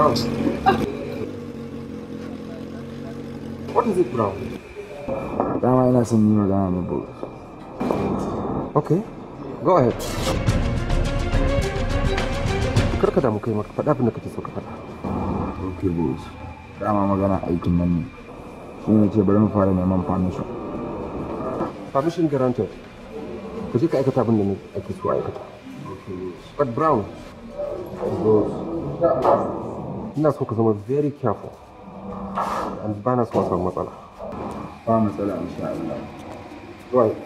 brown. What is it, That might not seem yi than ne boy. Okay, go ahead. Kar ka damu kai maka faɗa abin da so Okay, boys. Dama magana aikin nan ne. Shi ne ce bari permission. Permission granted. Ku je ka aikata abin da ne ake so Okay, boys. But Brown, Because why I'm very careful. And balance myself, Masala. Balance, inshallah. Right.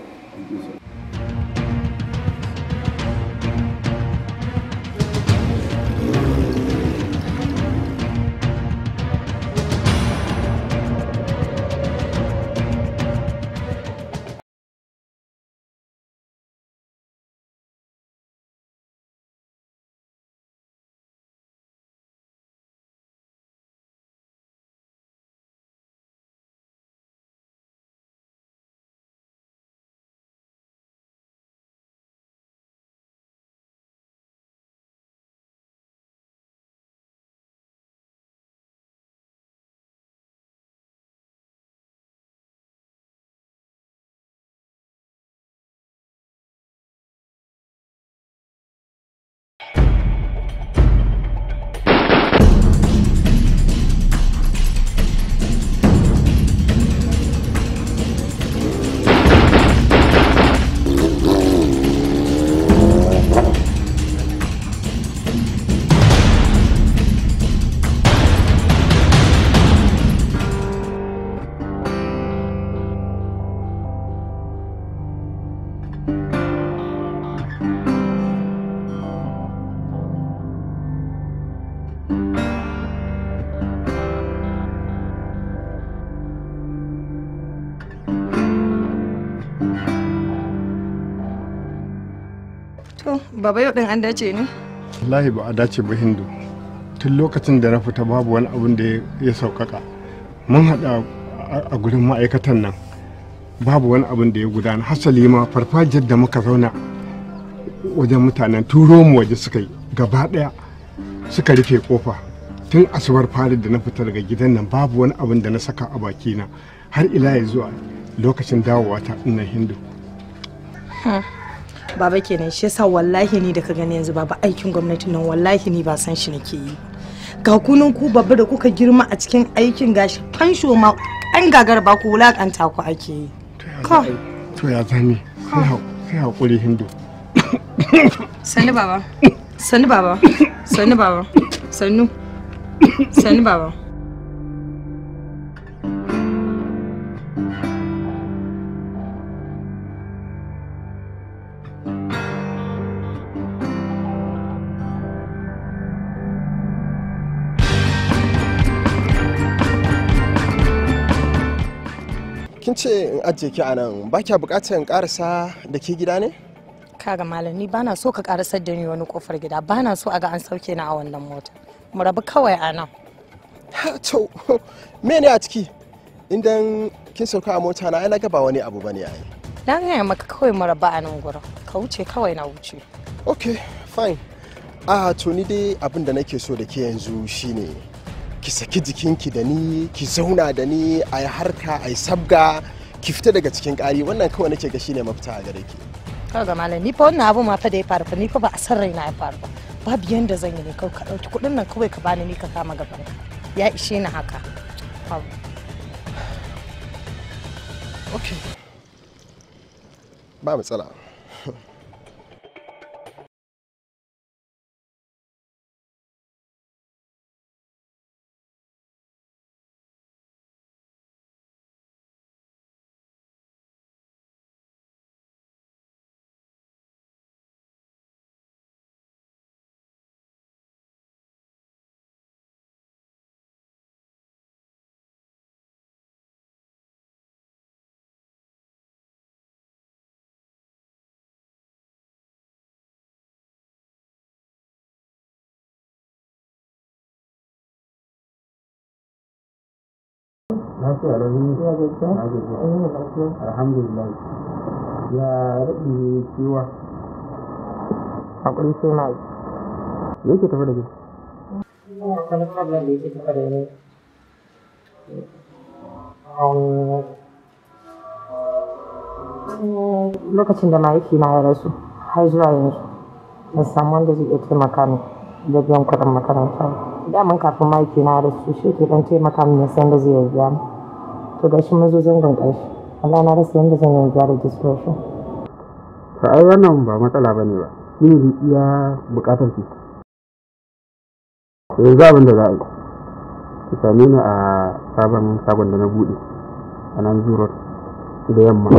Baba yau ɗin an dace ne? Wallahi ba a dace ba Hindu. Tun lokacin da na fita babu wani abin da ya sauƙaƙa. Mun haɗa a gurin ma'aikatan nan. Babu wani abin da ya gudana. Hasali ma farfajiyar da muka zauna wajen mutanen turo mu waje suka yi gaba ɗaya suka rufe kofa tun asubar fari da na fita daga gidan nan babu wani abin da na saka a bakina har ila ya zuwa lokacin dawowa ta ina hindu. Hmm. baba kenan shi yasa wallahi ni da ka gani yanzu baba aikin gwamnati nan wallahi ni ba san shi nake yi ga kunun ku babba da kuka girma a cikin aikin gashi fansho ma an gagar ba ku wulakanta ku ake yi to ya zami sai hakuri hindu sani baba sani baba sani baba sannu sani baba ce in ajiye ki a nan ba kya bukatar in karasa da ke gida ne? kaga malam ni bana so ka karasar da ni wani kofar gida bana so a ga an sauke na a wannan mota mu rabu kawai a nan to me ne a ciki idan kin sauka a mota na ai ba wani abu bane ai na gaya maka kawai mu rabu a nan gurin ka wuce kawai na wuce okay fine a ah, to ni dai abin da nake so da ke yanzu shine ki saki jikinki da ni ki zauna da ni a yi harka a yi sabga ki fita daga cikin ƙari wannan kawai nake ga shine mafita a gare ki ga malam ni fa wannan abu ma fa da ya faru fa ni fa ba a san raina ya faru ba babu yanda zan yi ne kawai ka ɗauki kuɗin nan kawai ka bani ni ka kama gaban ka ya ishe ni haka ok ba matsala lafiya da zini ya gajiya na alhamdulillah ya sai na yi da lokacin da mahaifi na ya rasu har zuwa yanzu na samu wanda zai iya taimaka min da biyan kuɗin makaranta mun kafin mahaifi na ya rasu shi ke dan taimaka min ya san da zai yi to da shi mazozin gangan shi amma na rasa yadda zan yi gyara jikin shi ai wannan ba matsala ba ne ba ni ne iya bukatar ki yanzu abin da za a yi ki same ni a sabon sabon da na buɗe a nan zuwa da yamma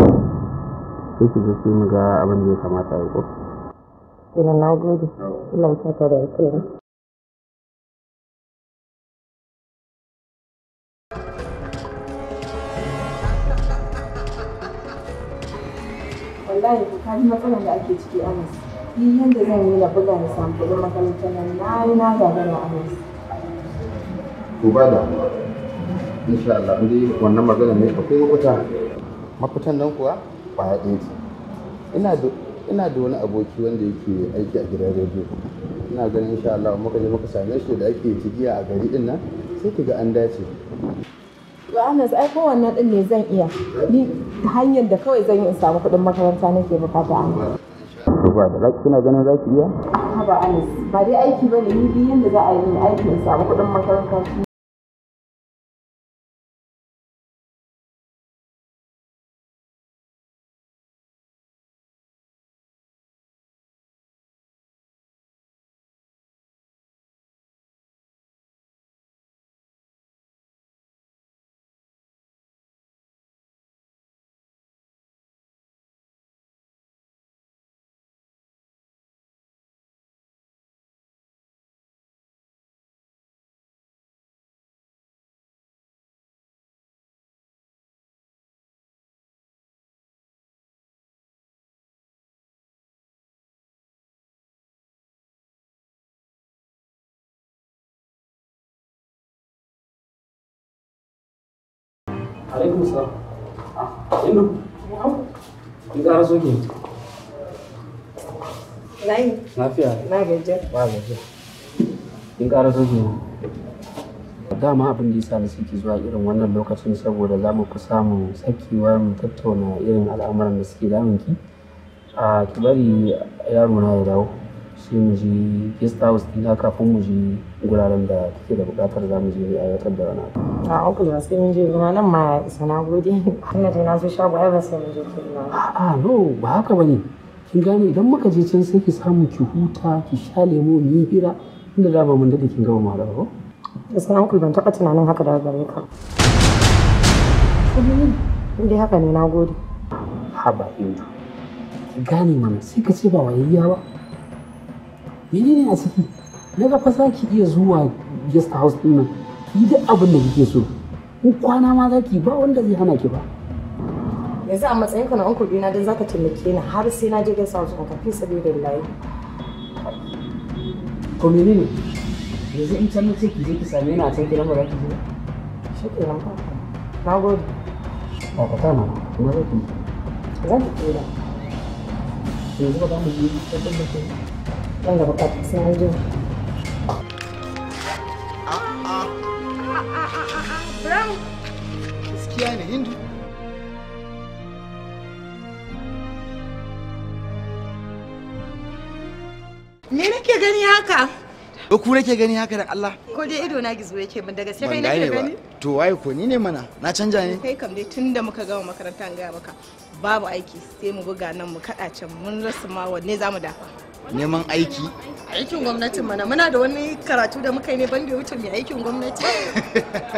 sai ki je sai mu ga abin da ya kamata ya ko. Ina na gode, ina saka da alƙalami. wallahi to ka ji matsalar da ake ciki anas ni yanda zan yi na buga na samfurin kuɗin makarantar nan na yi na gagara anas to ba da insha Allah dai wannan magana ne akwai mafita Mafutan nan kuwa kwaya ɗaya ce ina da ina da wani aboki wanda yake aiki a gidan rediyo ina ganin insha Allah muka je muka same shi da ake cigiya a gari din nan sai kiga an dace to anas ai wannan din ne zan iya ni hanyar da kawai zan yi in samu kuɗin makaranta nake bukata anas ba da laki kina ganin za ki iya ba anas ba dai aiki bane ni bi yanda za a yi aiki in samu kuɗin makaranta shi alaikum salam ah, inda in ƙara so ke layi lafiya na gajiya ba gajiya in ƙara so ke dama abin da yasa da suke zuwa irin wannan lokacin saboda za mu fi samun tsakewa mu tattauna irin al'amuran da suke damunki a ah, ki bari yaro na ya dawo sai mu je guest house ɗina kafin mu je guraren da kake da buƙatar za mu je aiwatar da wani abu. A uku ba sai mun je gina nan ma isa na gode. Ina je na zo shago ai ba sai mun je A no ba haka ba ne. Kin gane idan muka je can sai ki samu ki huta ki sha lemo ni hira inda da ba mun daɗe kin gama mara ba. Isa na ban taɓa tunanin haka da gare ka. Dai haka ne na gode. Haba Indu. Ki gane mana sai ka ce ba wayayya ba. menene a ciki na ga fasa ki iya zuwa guest house din nan ki duk abin da kike so ko kwana ma za ki ba wanda zai hana ki ba yanzu a matsayin ka na uncle dina dan zaka taimake ni har sai na je guest house ka fi lai ko menene yanzu in can ce ki je ki same ni a can ki nan ba ki zo shi ke nan ba na gode ba ka tana kuma zaki ki za ki tura yanzu ba za mu je ta tabbata nan gaba ka sai an zo gaskiya ne hindu me ke gani haka ko ku nake gani haka da Allah ko dai ido na gizo yake min daga sai kai nake gani to wai ko ni ne mana na canja ne kai kam dai tunda muka gama makaranta ga maka babu aiki sai mu buga nan mu kada can mun rasa ma wanne zamu dafa neman aiki aikin gwamnatin mana muna da wani karatu da muka yi ne banda wuce mai aikin gwamnati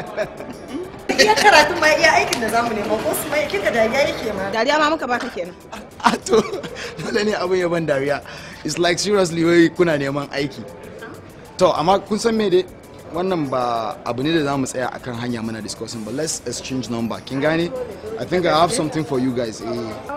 iya karatu ma iya aikin da zamu nema ko su mai kika dariya yake ma dariya ma muka baka kenan a to dole ne abin ya ban dariya it's like seriously wai kuna neman aiki to amma kun san me dai wannan ba abu ne da za mu tsaya akan hanya muna discussing but let's exchange number kin gane i think i have something for you guys eh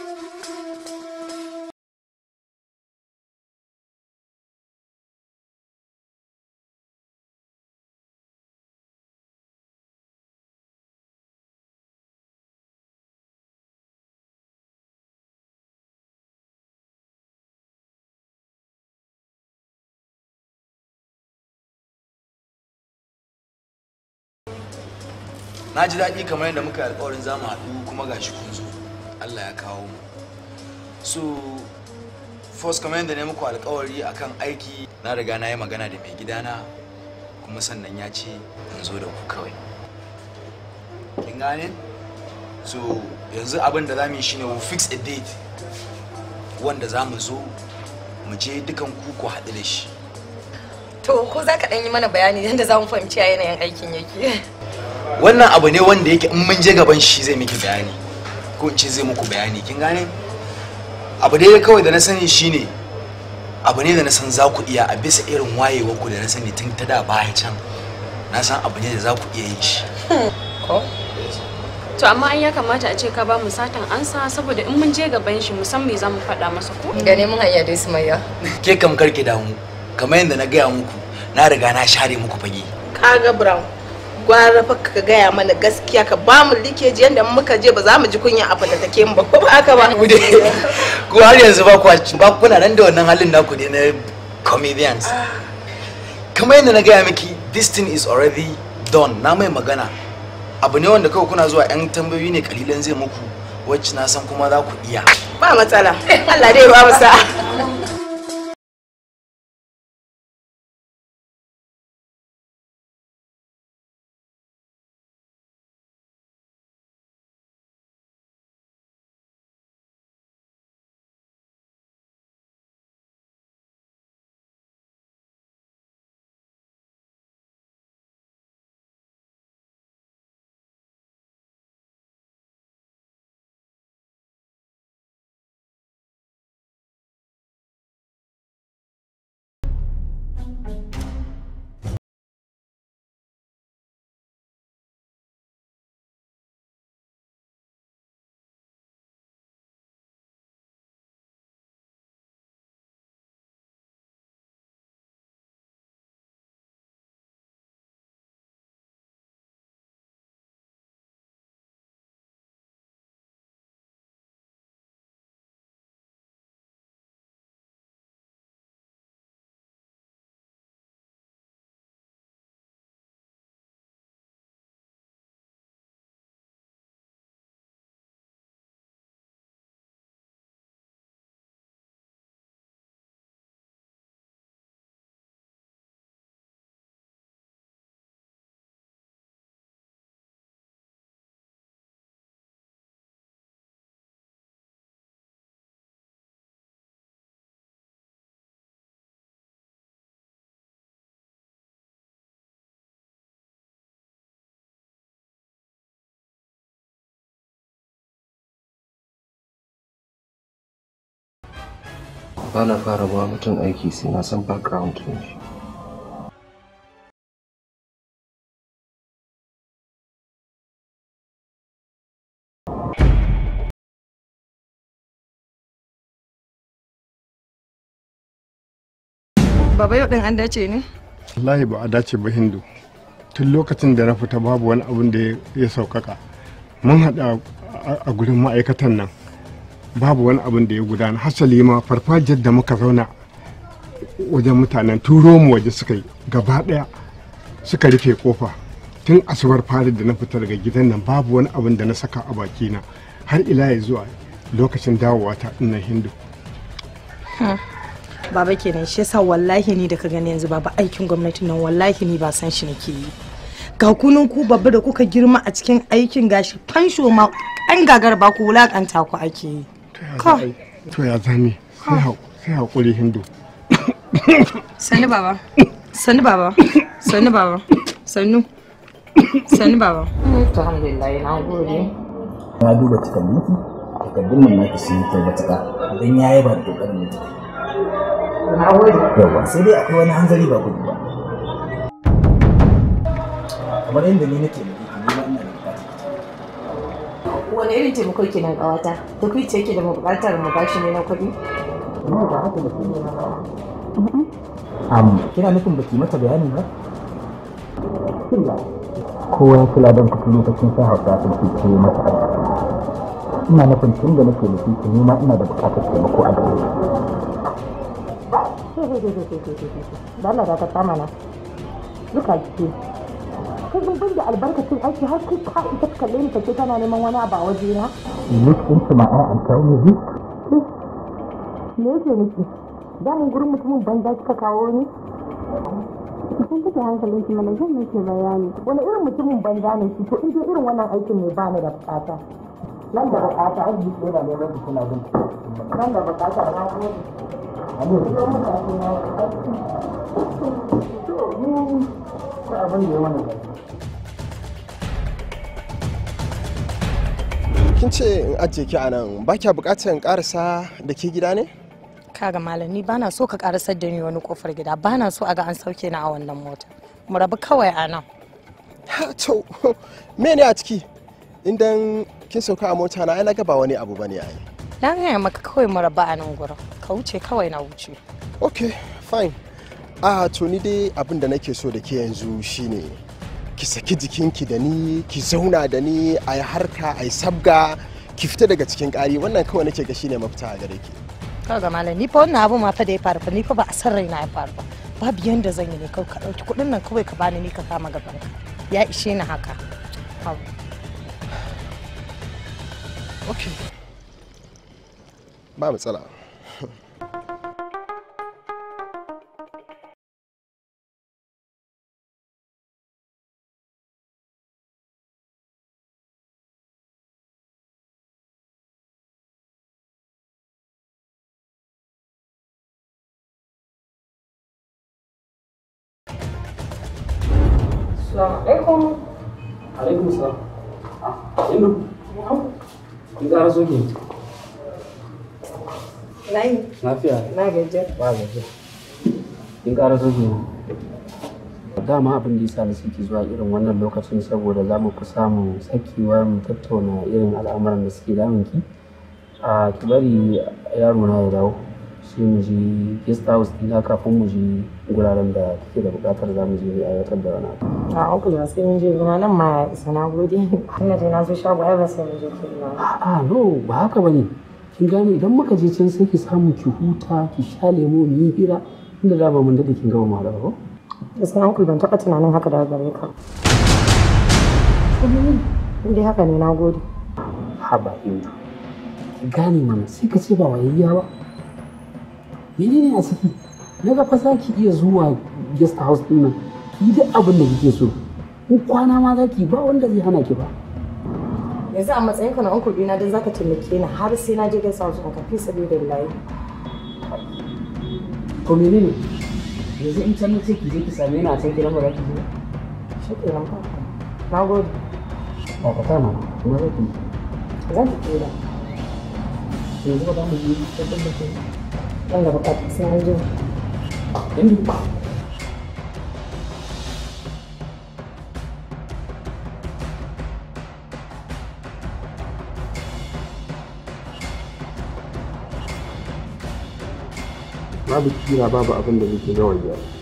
na ji daɗi kamar yadda muka alƙawarin zamu haɗu kuma ga shi kun zo allah ya kawo mu so first kamar yadda na muku alƙawari kan aiki na riga na yi magana da mai gidana kuma sannan ya ce in zo da ku kawai kin gane so yanzu abin da za mu yi shine we fix a date wanda za mu zo mu je dukan ku ku haɗu da shi to ko za ka ɗan yi mana bayani yadda za mu fahimci a yanayin aikin yake wannan abu ne wanda yake in mun je gaban shi zai miki bayani ko in ce zai muku bayani kin gane abu dai kawai da na sani shine abu ne da na san za ku iya a bisa irin wayewa ku da na sani tun ta da baya can na san abu ne da za ku iya yin shi to amma an ya kamata a ce ka ba mu satan ansa saboda in mun je gaban shi musamman za mu faɗa masa ko da neman hanya dai sumayya ke kam karki damu kamar yadda na gaya muku na riga na share muku fage kaga brown gwara fa ka gaya mana gaskiya ka ba mu likeji yadda muka je ba za mu ji kunya a da take mu ba ko ba haka ba ku har yanzu ba ba kuna nan da wannan halin naku ne na comedians ah. kamar yadda na gaya miki this thing is already done na mai magana abu ne wanda kawai kuna zuwa yan tambayoyi ne kalilan zai muku wacce na san kuma za ku iya ba matsala Allah dai ba mu ba na fara ba mutum aiki sai na san background ɗin shi Baba yau ɗin an dace ne? Wallahi ba a dace ba Hindu. Tun lokacin da na fita babu wani abin da ya saukaka. Mun haɗa a gurin ma'aikatan nan. babu wani abin da ya gudana hasali ma farfajiyar da muka zauna wajen mutanen turo mu waje suka yi gaba daya suka rufe kofa tun asubar fari da na fita daga gidan nan babu wani abin da na saka a bakina har ila ya zuwa lokacin dawowa ta dinnan hindu hmm. baba kenan shi yasa wallahi ni da ka gani yanzu baba aikin gwamnati nan wallahi ni ba san shi nake yi ga kunun ku babba da kuka girma a cikin aikin gashi fansho ma an gagara ba ku wulakanta ku ake yi kawai to ya zame sai haƙuri hindu sani baba sani baba sani baba sannu sani baba alhamdulillah na gode na duba takardunki takardun nan naki sun yi kyau matuƙa don ya yaba da mutu na gode sai dai akwai wani hanzari ba gudu ba kamar yadda ni nake wani irin taimako ke nan ƙawata da ku ce yake da buƙatar mu bashi ne na kuɗi. Amma ba Kina nufin baki mata bayani ba? Kowa ya kula don kuɗi lokacin sa hausa sun fi ce mata Ina nufin tun da nake nufi ki nema ina da buƙatar taimako a gare Dala da ta kama na. Duka kai mun ban da albarkacin aiki har kai ka ita ka kalle ni kace kana neman wani abu a waje na ne kin ci ma ai an kawo ne Me yake miki da mun gurin mutumin banza kika kawo ni kun kike hankalin ki mana zan nake bayani wani irin mutumin banza ne shi to in je irin wannan aikin ne ba ni da bukata nan da bukata an ji tsira ne nan kuna bin nan da bukata na gode Amin. To, mu abin da ya wani kin ce in ajiye ki anan ba kya bukatar in karasa da ke gida ne kaga malami bana so ka karasar da ni wani kofar gida bana so a ga an sauke na a wannan mota mu rabu kawai a nan to me ne a ciki idan kin sauka a mota na ai na ba wani abu bane ai na gaya maka kawai mu rabu a nan gurin ka wuce kawai na wuce okay fine a ah, to ni dai abin da nake so da ke yanzu shine ki saki jikin ki da ni ki zauna da ni a yi harka a yi sabga ki fita daga cikin ƙari wannan kawai nake ga shine mafita a gare ki ga malam ni fa wannan abu ma fa da ya faru fa ni fa ba a san raina ya faru ba babu yanda zan yi ne kawai ka ɗauki kuɗin nan kawai ka bani ni ka kama gaban ka ya ishe ni haka ok ba matsala Assalamu alaikum. Alaikum salam. Kin ƙara so ke? Lafiya. Na gaje. Ba gaje. Kin ƙara so Dama abin da yasa da suke zuwa irin wannan lokacin saboda za mu fi samun sakewa mu tattauna irin al'amuran da suke ki A ah, ki bari yaro na ya dawo. sai mu je guest house ɗina kafin mu je guraren da kake da buƙatar za mu je aiwatar da wani A uku ba sai mun je gina nan ma isa na gode. Ina je na zo shago ai ba sai mun je kina. A no ba haka ba ne. Kin gane idan muka je can sai ki samu ki huta ki sha lemo mu yi hira inda za ba mun daɗe kin gama mara ba. Gaskiya uncle ban taɓa tunanin haka da gare ka. Dai haka ne na gode. Haba ki Gane mana sai ka ce ba wayayya ba. menene a ciki na ga za ki iya zuwa guest house din nan ki da abin da kike so ko kwana ma za ki ba wanda zai hana ki ba yanzu a matsayin ka na uncle dina dan zaka taimake ni har sai na je guest house ka fi lai ko menene yanzu in can ce ki je ki same ni a can ki lamba za ki zo shi ke nan ba na gode ba ka tana kuma zai ki zan ki tura yanzu ba za mu yi tabbatar da kai ban da bukata babu kira babu abin da muke gawa gyara